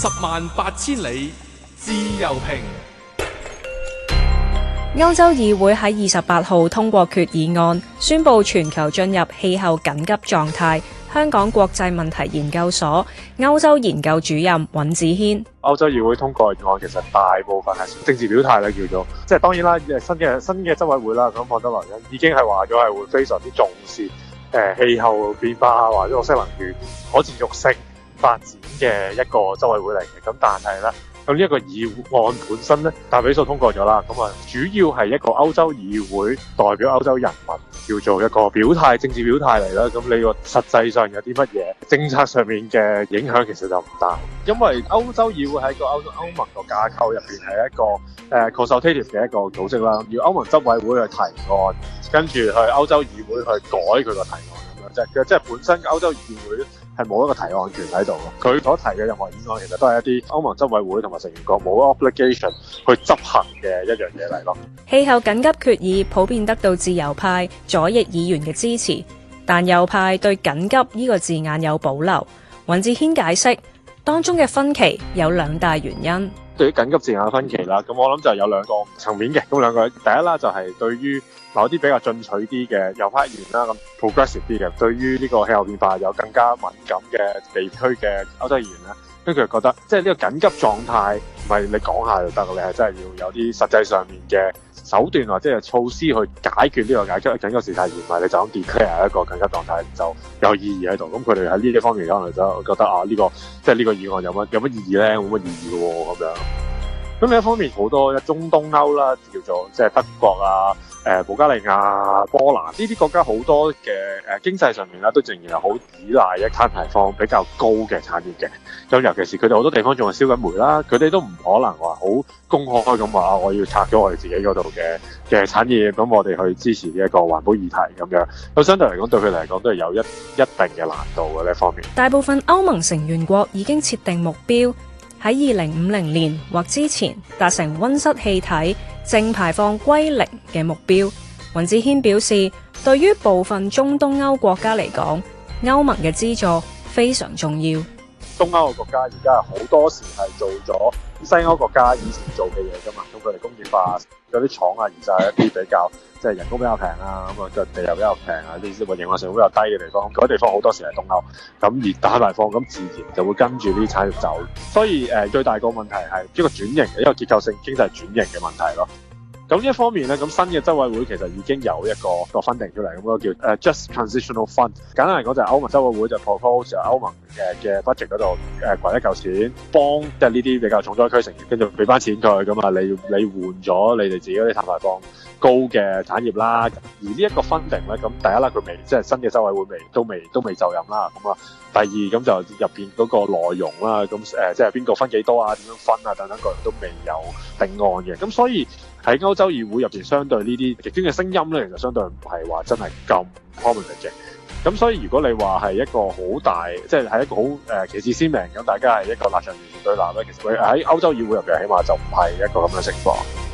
十萬八千里自由評。歐洲議會喺二十八號通過決議案，宣佈全球進入氣候緊急狀態。香港國際問題研究所歐洲研究主任尹子軒，歐洲議會通過嘅議案，其實大部分係政治表態咧，叫做即係當然啦。新嘅新嘅執委會啦，咁馮德萊恩已經係話咗係會非常之重視誒氣候變化啊，或者再生能源、可持續性。發展嘅一個執委會嚟嘅，咁但係咧，咁呢一個議案本身咧，大比數通過咗啦。咁啊，主要係一個歐洲議會代表歐洲人民叫做一個表態、政治表態嚟啦。咁你個實際上有啲乜嘢政策上面嘅影響其實就唔大，因為歐洲議會喺個歐歐盟個架構入邊係一個誒 consultative 嘅一個組織啦。要歐盟執委會去提案，跟住去歐洲議會去改佢個提案。即係本身歐洲議會係冇一個提案權喺度，佢所提嘅任何議案，其實都係一啲歐盟執委會同埋成員國冇 obligation 去執行嘅一樣嘢嚟咯。氣候緊急決議普遍得到自由派左翼議員嘅支持，但右派對緊急呢個字眼有保留。尹子軒解釋當中嘅分歧有兩大原因。對於緊急狀態分歧啦，咁我諗就有兩個層面嘅。咁兩個第一啦，就係對於某啲比較進取啲嘅右派議員啦，咁 progressive 啲嘅，對於呢個氣候變化有更加敏感嘅地區嘅歐洲議員啦，跟住佢覺得，即係呢個緊急狀態唔係你講下就得嘅，你係真係要有啲實際上面嘅。手段或者係措施去解決呢個解決整個事態，而唔係你就咁 declare 一個緊急狀態，就有意義喺度。咁佢哋喺呢一方面可能就覺得啊，呢、這個即係呢個議案有乜有乜意義咧？冇乜意義嘅喎、哦，咁樣。咁另一方面，好多中東歐啦，叫做即係德國啊、誒保加利亞、波蘭呢啲國家，好多嘅誒經濟上面啦，都仍然係好依賴一攤排放比較高嘅產業嘅。咁尤其是佢哋好多地方仲係燒緊煤啦，佢哋都唔可能話好公開咁話啊，我要拆咗我哋自己嗰度嘅嘅產業，咁我哋去支持呢一個環保議題咁樣。咁相對嚟講，對佢嚟講都係有一一定嘅難度嘅呢方面。大部分歐盟成員國已經設定目標，喺二零五零年或之前達成温室氣體淨排放歸零嘅目標，尹子軒表示，對於部分中東歐國家嚟講，歐盟嘅資助非常重要。東歐嘅國家而家係好多時係做咗西歐國家以前做嘅嘢㗎嘛，咁佢哋工業化有啲廠啊，而就係一啲比較即係、就是、人工比較平啊，咁啊地又比較平啊，啲營運成本比較低嘅地方，嗰、那、啲、個、地方好多時係東歐咁而打埋放，咁自然就會跟住呢啲產業走，所以誒、呃、最大個問題係一個轉型，一、這個結構性經濟轉型嘅問題咯。咁呢一方面咧，咁新嘅執委會其實已經有一個一個 funding 出嚟，咁個叫誒、uh, Just Transitional Fund。簡單嚟講就係歐盟執委會就 propose，就歐盟嘅嘅 budget 嗰度誒攰一嚿錢，幫即係呢啲比較重災區成員，跟住俾翻錢佢。咁啊，你換你換咗你哋自己啲碳排放高嘅產業啦。而呢一個 funding n 咧，咁第一啦，佢未即係新嘅執委會未都未都未就任啦。咁、呃、啊，第二咁就入邊嗰個內容啦，咁誒即係邊個分幾多啊？點樣分啊？等等個都未有定案嘅。咁所以喺歐洲議會入邊，相對呢啲極端嘅聲音咧，其實相對唔係話真係咁 common 嘅。咁所以如果你話係一個好大，即係係一個好誒旗幟鮮明咁，大家係一個立場全對立咧，其實喺歐洲議會入邊，起碼就唔係一個咁嘅情況。